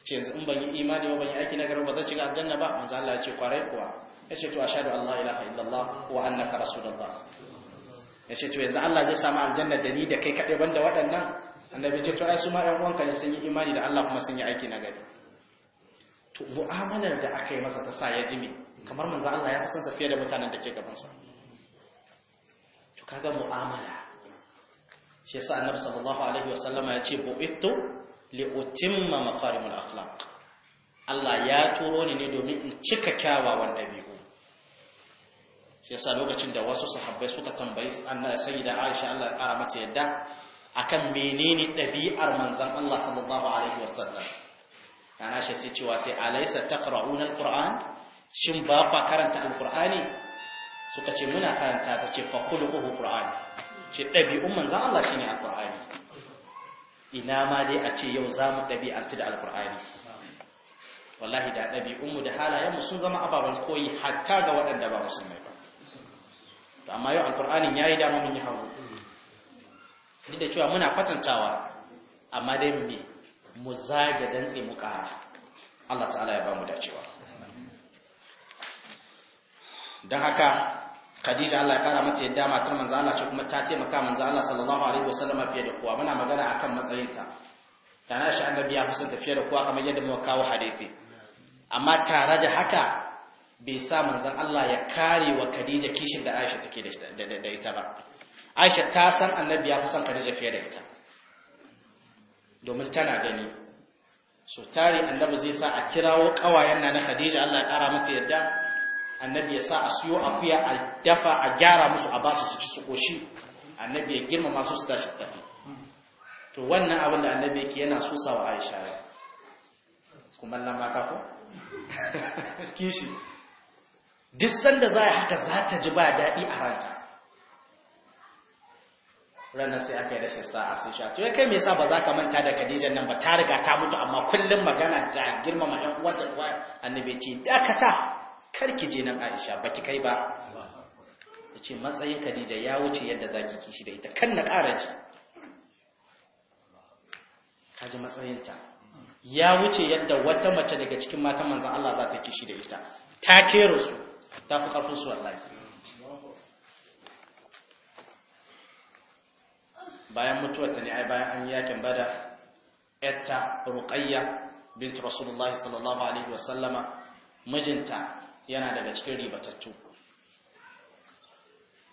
ce yanzu in ban yi imani ba ban yi aiki na gari ba zai shiga aljanna ba manzo allah ya ce kwarai kuwa ya ce to ashhadu an la ilaha illallah wa annaka rasulullah ya ce to yanzu allah zai sama aljanna da ni da kai kaɗai banda waɗannan annabi ce to ai su ma ɗan uwanka ne sun yi imani da Allah kuma sun yi aiki na gari to mu'amalar da aka yi masa ta sa ya jimi, kamar manzo Allah ya kusansa fiye da mutanen da ke gaban sa. to kaga mu'amala shi yasa annabi sallallahu alaihi wasallama ya ce bu'ittu li utimma makarimul akhlaq Allah ya turo ni ne domin in cika kyawawan dabi'u shi yasa lokacin da wasu sahabbai suka tambayi annabi sayyida Aisha Allah ya kara mata yadda akan menene ɗabi'ar manzan Allah sallallahu alaihi wasallam kana shi sai cewa ta alaysa taqra'una alquran shin ba fa karanta alqurani suka ce muna karanta ta ce fa khuluquhu qur'an ce ɗabi'un manzan Allah al alqurani ina ma dai a ce yau zamu ɗabi'anci da alqurani wallahi da ɗabi'unmu da halayenmu sun zama ababen koyi hatta ga waɗanda ba musulmai ba amma yau ya yayi dama mun yi hagu. duk da cewa muna kwatantawa amma dai mu mu zage dantse mu ƙara Allah ta'ala ya ba mu dacewa don haka Khadija Allah ya kara mata yadda matar manzo Allah ce kuma ta taimaka manzo Allah sallallahu alaihi wasallam fiye da kowa muna magana akan matsayinta tana shi annabi ya ta fiye da kowa kamar yadda muka kawo hadisi amma tare da haka bai sa manzon Allah ya kare wa Khadija kishin da Aisha take da ita ba aisha ta san annabi ya fi son khadija fiye da ita domin tana gani so tare annabi zai sa a kirawo kawayen na na khadija Allah ya kara mata yadda annabi ya sa a siyo akuya a dafa a gyara musu a basu su ci su koshi annabi ya girmama masu su tashi tafi to wannan abin da annabi ke yana susa wa aisha ya kuma nan mata ko kishi duk sanda za haka za ta ji ba daɗi a ranta ranar sai aka yi rashin sa'a sai sha to kai mai sa ba za ka manta da Khadijan nan ba ta riga ta mutu amma kullum magana girma girmama ɗan uwanta annabi ce dakata kar ki je nan Aisha baki kai ba yace matsayin Khadija ya wuce yadda zaki kishi da ita kan na ƙara ji ji matsayinta ya wuce yadda wata mace daga cikin matan manzan Allah za ta kishi da ita ta kero su ta fi ƙarfin su wallahi bayan mutuwarta ne ai bayan an yakin bada yatta ruqayya bint rasulullahi sallallahu alaihi wasallama mijinta yana daga cikin ribatattu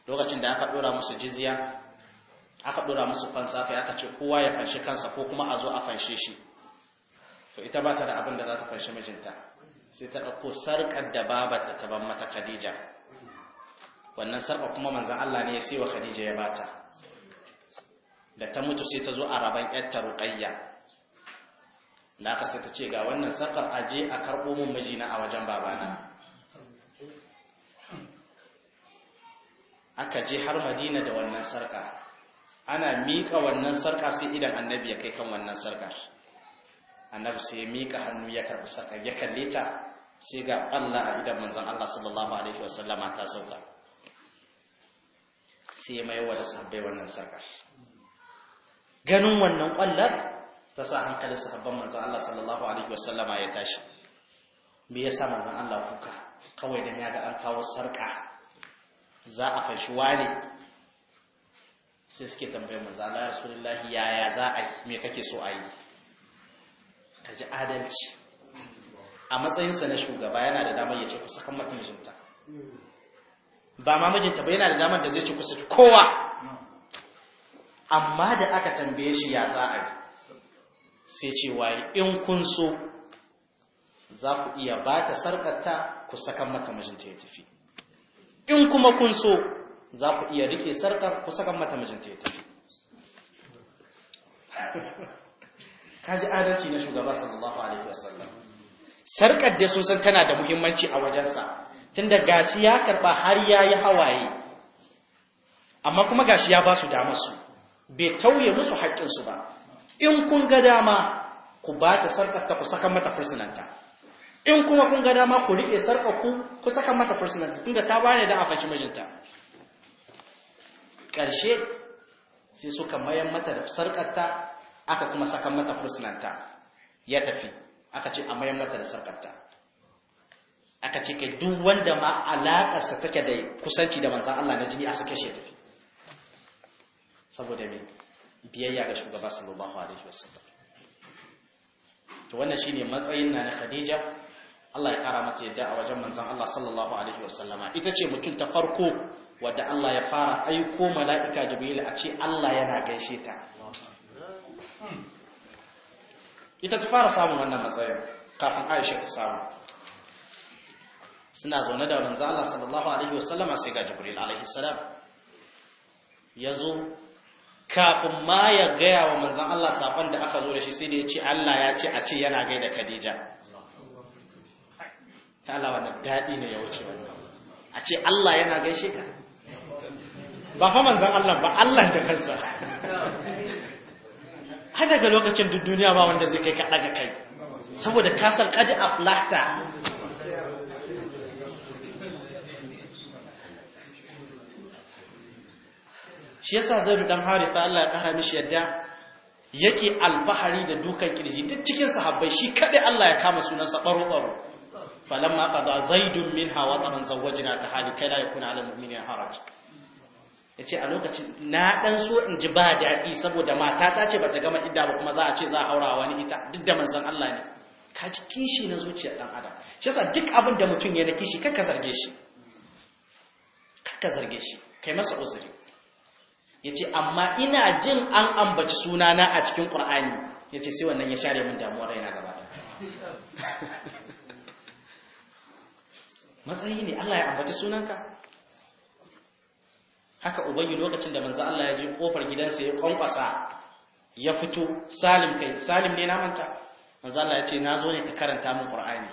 lokacin da aka dora musu jizya aka dora musu fansa kai aka ce kowa ya fanshi kansa ko kuma a zo a fanshe shi to ita ba ta da abin da za ta fanshi mijinta sai ta ɗauko sarƙar da babarta ta ban mata khadija wannan sarƙa kuma manzan Allah ne ya sai wa khadija ya bata da ta mutu sai ta zo a raban yatta ruqayya na ka sai ta ce ga wannan sakar aje a karɓo mun mijina a wajen babana aka je har madina da wannan sarka ana miƙa wannan sarka sai idan annabi ya kai kan wannan sarkar annabi sai ya miƙa hannu ya karɓi sarkar ya kalle ta sai ga Allah a idan manzon Allah sallallahu alaihi wasallama ta sauka sai ya mayar wa da sabbai wannan sarkar ganin wannan kwallar ta sa hankalin sahabban manzan Allah sallallahu alaihi wasallama ya tashi me sa manzan Allah kuka kawai don ya ga an kawo sarka za a fashi wani sai suke tambayin manzan Allah Rasulullahi yaya za a yi me kake so a yi ka ji adalci a matsayinsa na shugaba yana da damar ya ce kusa kan mata mijinta ba ma mijinta ba yana da damar da zai ci kusa kowa amma da aka tambaye shi ya za a yi sai ce waye in kun so za ku iya ba ta sarƙarta ku sakan mata mijinta ya tafi in kuma kun so za ku iya rike sarƙar ku sakan mata mijinta ya tafi kaji adalci na shugaba sallallahu alaihi wasallam sarƙar da sun san tana da muhimmanci a wajensa tunda gashi ya karba har ya yi hawaye amma kuma gashi ya ba su damar su bai tauye musu haƙƙinsu ba in kun ga dama ku ba ta sarƙar ta ku saka mata fursunanta in kuma kun ga dama ku riƙe sarƙar ku ku saka mata fursunanta da ta bani da a fashi mijinta ƙarshe sai suka mayan mata da sarƙar ta aka kuma saka mata fursunanta ya tafi aka ce a mayan mata da sarƙar ta aka ce kai duk wanda ma alaƙarsa take da kusanci da manzan Allah na jini a sake shi tafi saboda mai biyayya ga shugaba sallallahu alaihi wasallam to wannan shine matsayin na Khadija Allah ya kara mata yadda a wajen manzon Allah sallallahu alaihi wasallama ita ce mutum ta farko wadda Allah ya fara aiko mala'ika Jibril a ce Allah yana gaishe ta ita ta fara samun wannan matsayin kafin Aisha ta samu suna zaune da manzon Allah sallallahu alaihi wasallama sai ga Jibril alaihi salam yazo kafin ma ya gaya wa manzan Allah safon da aka zo da shi sai da ya ce Allah ya ce a ce yana gai da Khadija ta Allah wannan daɗi ne ya wuce wannan a ce Allah yana gaishe ka ba fa manzan Allah ba Allah da kansa har daga lokacin duk duniya ba wanda zai kai ka ga kai saboda kasar kadi aflata shi yasa zaidu dan haritha Allah ya kara mishi yadda yake alfahari da dukan kirji duk cikin sahabbai shi kadai Allah ya kama sunansa baro baro falamma qada zaidun hawa wa taran zawajna ta hali kai la yakuna ala mu'minin haraj yace a lokacin na dan so in ji ba dadi saboda mata ta ce bata gama idda ba kuma za a ce za a haura wani ita duk da manzon Allah ne ka ji kishi na zuciyar dan adam shi yasa duk abin da mutum ya na kishi kakka zarge shi kakka zarge shi kai masa uzuri yace amma ina jin an ambaci sunana a cikin Qur'ani yace sai wannan ya share min damuwa raina gaba matsayi ne Allah ya ambaci sunanka haka ubangi lokacin da manzan Allah ya je kofar gidansa ya kwankwasa ya fito salim kai salim ne na manta manzan Allah ya ce nazo ne ka karanta min Qur'ani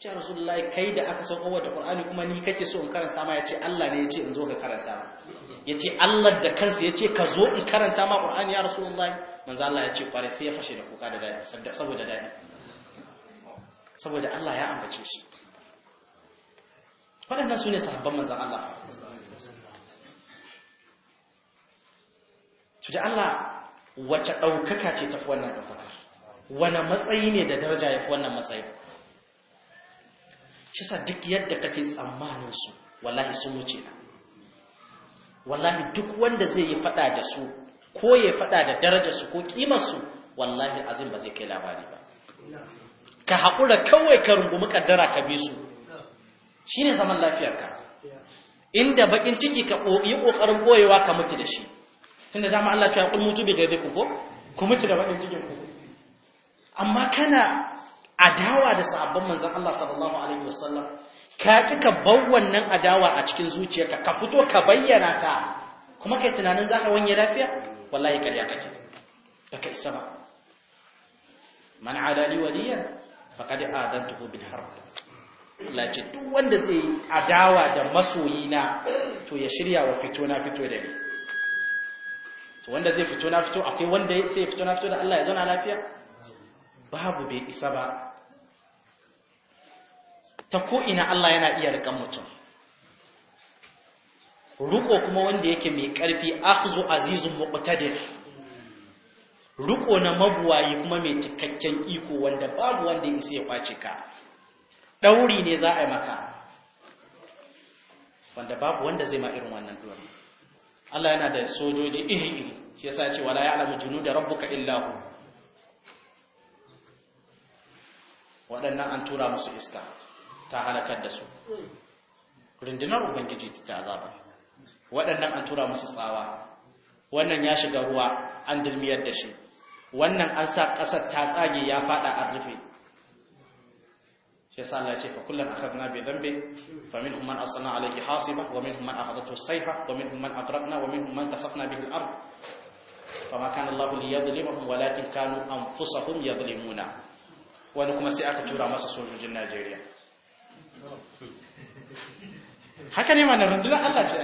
ce rasulullahi kai da aka sauko da qur'ani kuma ni kake so in karanta ma yace Allah ne ya ce in zo ka karanta ma yace Allah da kansa yace ka zo in karanta ma qur'ani ya rasulullahi manzo Allah yace kware sai ya fashe da kuka da dadi saboda dadi saboda Allah ya ambace shi waɗannan su ne sahabban manzan Allah su da Allah wace ɗaukaka ce ta fi wannan ɗaukakar wani matsayi ne da daraja ya fi wannan matsayi shi sa duk yadda kake tsammanin su wallahi sun wuce na wallahi duk wanda zai yi fada da su ko ya fada da darajar su ko kimar su wallahi azim ba zai kai labari ba ka haƙura kawai ka rungumi kaddara ka bi su shine zaman lafiyarka inda bakin ciki ka yi kokarin boyewa ka mutu da shi tunda dama Allah ya ce mutu bi ko ku mutu da bakin cikin ku amma kana adawa da sahabban manzon Allah sallallahu alaihi wasallam ka kika ka bar wannan adawa a cikin zuciyarka ka fito ka bayyana ta kuma kai tunanin zaka wanye lafiya wallahi kariya kake baka isa ba man adali waliya faqad adantuhu bil harb Allah ce duk wanda zai adawa da masoyina to ya shirya wa fito na fito da ni to wanda zai fito na fito akwai wanda sai fito na fito da Allah ya zauna lafiya babu bai isa ba ta ko'ina Allah yana iya rikan mutum ruko kuma wanda yake mai ƙarfi akhzu azizun muqtadir ruko na mabuwayi kuma mai cikakken iko wanda babu wanda ya isa ya kwace ka Ɗauri ne za a yi maka wanda babu wanda zai ma irin wannan ɗori. Allah yana da sojoji iri iri shi ya ce wala junu da rabbuka ka, Illahu. waɗannan an tura musu iska ta halakar da su rundunar ubangiji ta azaba waɗannan an tura musu tsawa wannan ya shiga ruwa an dulmiyar da shi wannan an sa ƙasar ta tsage ya faɗa a rufe shi Allah ce fa kullum aka zana bi dhanbi fa minhum man asna alayhi hasiba wa minhum man akhadathu as-sayha wa minhum man aqraqna wa minhum man kasafna bihi al-ard fama kana Allah liyadhlimahum walakin kanu an anfusahum yadhlimuna wani kuma sai aka tura masa sojojin Najeriya haka ne mana rundunar Allah ce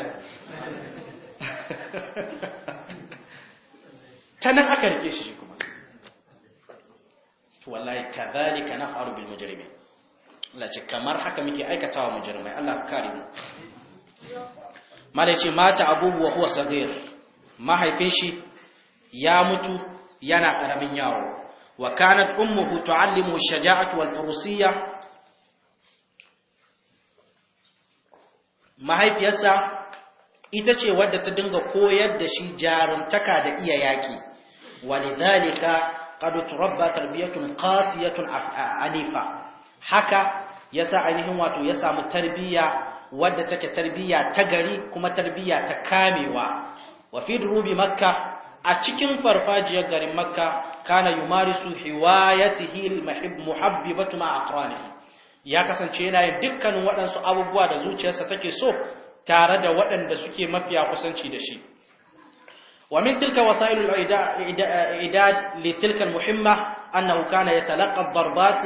ta nan aka rike shi kuma to wallahi kadhalika naf'alu bil mujrimin Allah ce kamar haka muke aikatawa mujrimai Allah kare mu mala ce mata abubu wa huwa sagir mahaifin shi ya mutu yana karamin yaro wa kanat ummuhu tu'allimu shaja'at wal furusiyya mahaifiyarsa ita ce wadda ta dinga koyar da shi jaruntaka da iya yaƙi walidhalika qad turabba tarbiyatun qasiyatun anifa haka yasa ainihin wato ya samu tarbiyya wadda take tarbiyya ta gari kuma tarbiyya ta kamewa wa fi durubi makka a cikin farfajiyar garin makka kana yumarisu hiwayatihi muhabbibatu ma aqranihi ya kasance yana yin dukkanin waɗansu abubuwa da zuciyarsa take so tare da waɗanda suke mafiya kusanci da shi wa min tilka wasailul idad li tilka al muhimma annahu kana yatalaqa ad-darbat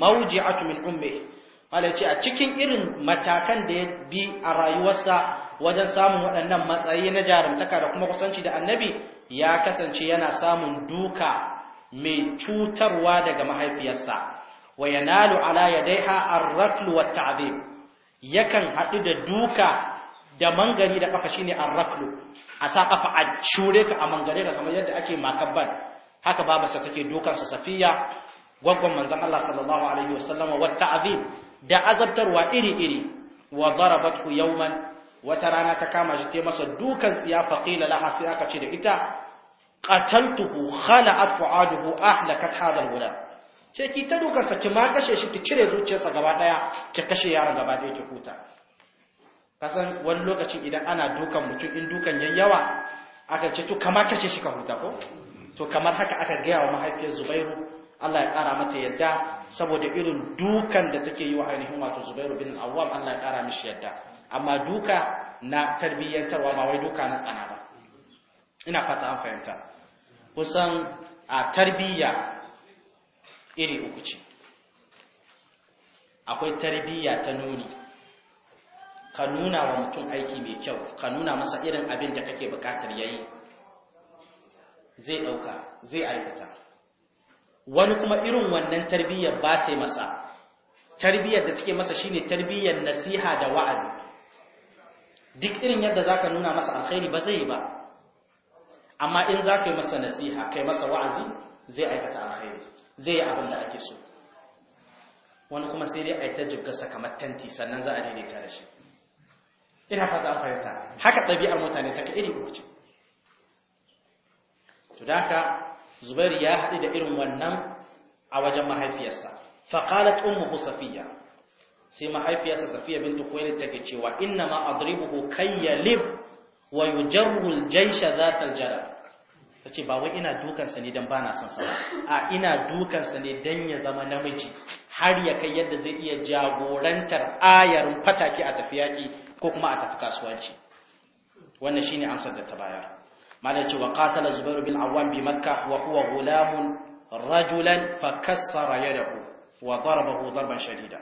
mawji'atu min ummihi ce, a cikin irin matakan da ya bi a rayuwarsa wajen samun waɗannan matsayi na jarumtaka da kuma kusanci da annabi ya kasance yana samun duka mai cutarwa daga mahaifiyarsa wa yanalu ala yadaiha ar-rakl wa ta'dib yakan hadu da duka da mangari da kafa shine ar raklu a sa kafa a shure ka a mangare ka kamar yadda ake makabban haka babarsa take dukan sa safiya gwaggon manzon Allah sallallahu alaihi wasallam wa ta'dib da azabtarwa iri iri wa darabathu yawman wata rana ta kama shi ta masa dukan tsiya faqila laha sai aka ce da ita qataltuhu khala'at fu'aduhu ahlakat hadha al-gulam ce ki ta dukansa ki ma kashe shi ki cire zuciyarsa gaba daya ki kashe yaron gaba daya ki huta kasan wani lokacin idan ana dukan mutum in dukan 'yan yawa aka ce to kamar kashe shi ka huta ko to kamar haka aka gaya wa mahaifiyar Zubairu Allah ya kara mata yadda saboda irin dukan da take yi wa ainihin wato Zubairu bin Awwam Allah ya kara mishi yadda amma duka na tarbiyyantarwa ba wai duka na tsana ba ina fata an fahimta kusan a tarbiyya iri uku ce akwai tarbiyya ta nuni ka nuna wa mutum aiki mai kyau ka nuna masa irin abin da kake bukatar yayi zai ɗauka zai aikata wani kuma irin wannan tarbiyyar ba ta masa tarbiyyar da take masa shine tarbiyyar nasiha da wa'azi duk irin yadda zaka nuna masa alkhairi ba zai yi ba amma in zaka yi masa nasiha kai masa wa'azi zai aikata alkhairi zai yi abin da ake so wani kuma sai dai a yi ta jibgarsa kamar tanti sannan za a daidaita da shi ina fata an fahimta haka ɗabi'ar mutane ta iri uku ce to da haka zubairu ya haɗu da irin wannan a wajen mahaifiyarsa faƙalat ummuhu Safiyya. sai mahaifiyarsa safiya bintu kuwaili take cewa inna ma adribuhu kayyalib wa yujarru aljaysha zatal jalal ta ce ba wai ina dukansa ne don ba na son a ina dukansa ne don ya zama namiji har ya kai yadda zai iya jagorantar ayarin fataki a tafi yaƙi ko kuma a tafi kasuwanci wannan shine amsar da ta bayar malai ce wa zubairu bin awwam bi Makka wa huwa gulamun rajulan fa kassara yadahu wa darabahu darban shadida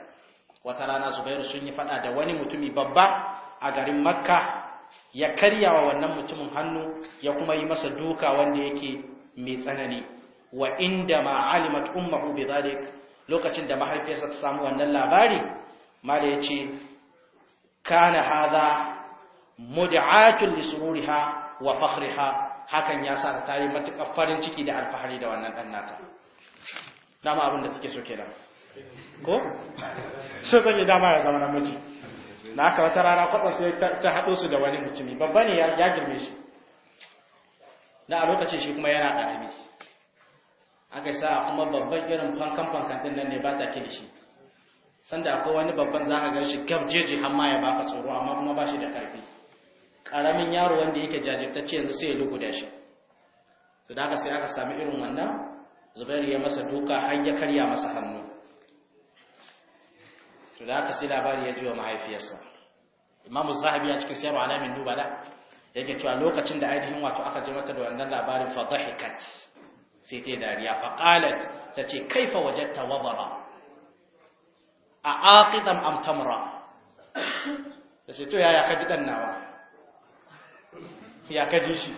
wata rana zubairu sun yi fada da wani mutumi babba a garin makka ya karya wa wannan mutumin hannu ya kuma yi masa duka wanda yake mai tsanani wa inda ma'alimat ummuhu bidhalik lokacin da mahaifiyarsa ta samu wannan labari mala yace kana hadha mud'atun lisururiha wa fakhriha hakan ya sa ta yi matuƙar farin ciki da alfahari da wannan ɗan nata dama abin da suke so kenan ko so take dama ya zama namiji na aka wata rana kwatsar sai ta haɗo su da wani mutumi babba ne ya girme shi na a lokacin shi kuma yana ɗarami aka sa kuma babban irin fankan fankan din nan ne ba ta ke shi sanda ko wani babban za a gan shi gab jeji hamma ya baka tsoro amma kuma ba shi da ƙarfi ƙaramin yaro wanda yake jajirtacce yanzu sai ya lugu da shi to da aka sai aka sami irin wannan zubairu ya masa duka har ya karya masa hannu to da aka sai labari ya ji wa mahaifiyarsa imamu zahabi ya cikin siyarwa alamin duba dubala yake cewa lokacin da ainihin wato aka ji mata da wannan labarin fa dhahikat sai ta dariya fa qalat tace kaifa wajadta wadara a aqidan am tamra tace to yaya ka ji dan nawa ya ka ji shi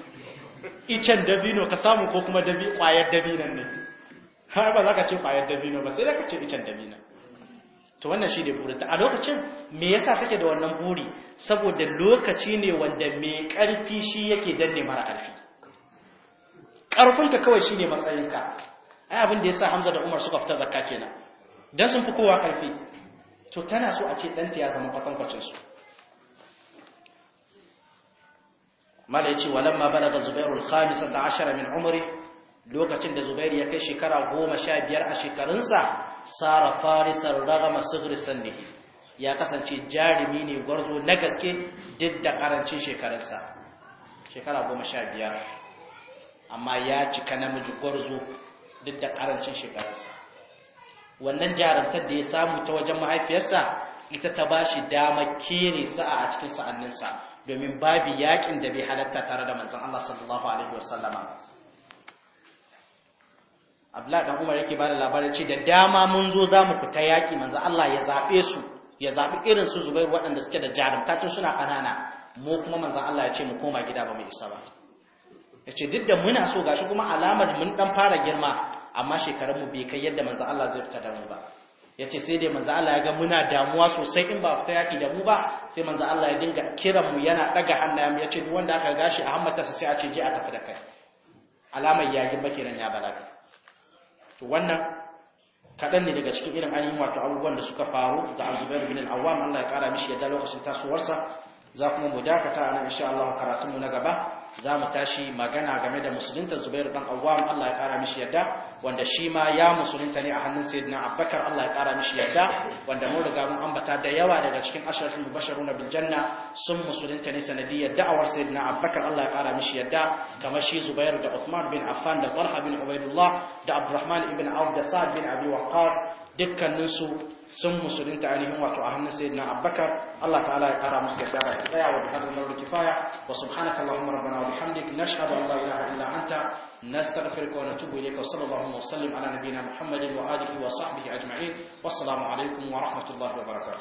icen dabino ka samu ko kuma dabi kwayar dabinan ne har ba za ka ce kwayar dabino ba sai da ka ce icen dabinan. to wannan shi ne burinta a lokacin me yasa take da wannan buri saboda lokaci ne wanda mai karfi shi yake danne mara ƙarfi. karfinka kawai shi ne matsayinka ai abin da yasa Hamza da Umar suka fita zakka kenan don sun fi kowa karfi to tana so a ce danta ya zama kwatankwacin su mala walamma balaga zubairul khamisata ashara min umri lokacin da zubairu ya kai shekara goma sha biyar a shekarunsa tsara farisar ragama sigri sannihi ya kasance jarumi ne gwarzo na gaske duk da karancin shekarunsa shekara goma sha biyar amma ya cika namiji gwarzo duk da karancin shekarunsa wannan jarumtar da ya samu ta wajen mahaifiyarsa ita ta ba shi dama kere sa'a a cikin sa'anninsa domin babu yakin da bai halatta tare da manzon Allah sallallahu alaihi wasallama Abdullahi dan Umar yake bada labarin ce da dama mun zo za mu fita yaki manzo Allah ya zabe su ya zabi irin su zubai waɗanda suke da jarumta tun suna kanana mu kuma manzo Allah ya ce mu koma gida ba mu isa ba Ya ce duk da muna so gashi kuma alamar mun dan fara girma amma shekarun mu bai kai yadda manzo Allah zai fita da mu ba ce sai dai manzo Allah ya ga muna damuwa sosai in ba fita yaki da mu ba sai manzo Allah ya dinga kiran mu yana daga ya ce duk wanda aka gashi a hammatarsa sai a ce je a tafi da kai alamar ya girma kenan ya balaga to wannan kaɗan ne daga cikin irin ainihin wato abubuwan da suka faru da azubair bin al-awwam Allah ya kara mishi yadda lokacin tasowarsa za kuma mu dakata a nan insha Allah karatunmu na gaba za mu tashi magana game da musulunta Zubairu dan Awwam Allah ya kara mishi yadda wanda shi ma ya musulunta ne a hannun Sayyidina Abubakar Allah ya kara mishi yadda wanda mu riga mun ambata da yawa daga cikin ashrafin mubashiruna bil janna sun musulunta ne sanadiyar da'awar Sayyidina Abubakar Allah ya kara mishi yadda kamar shi Zubairu da Uthman bin Affan da Talha bin Ubaidullah da Abdurrahman ibn Auf da Sa'd bin Abi Waqqas dukkaninsu sun musulunta ainihin wato a hannun sayyidina abbakar Allah ta'ala ya kara musu gaddara ki daya wa bihadar laurin kifaya wa subhanaka allahumma rabbana wa bihamdik nashhadu an la ilaha illa anta nastaghfiruka wa natubu ilayka wa sallallahu wa sallim ala nabiyyina muhammadin wa alihi wa sahbihi ajma'in wa assalamu alaikum wa rahmatullahi wa barakatuh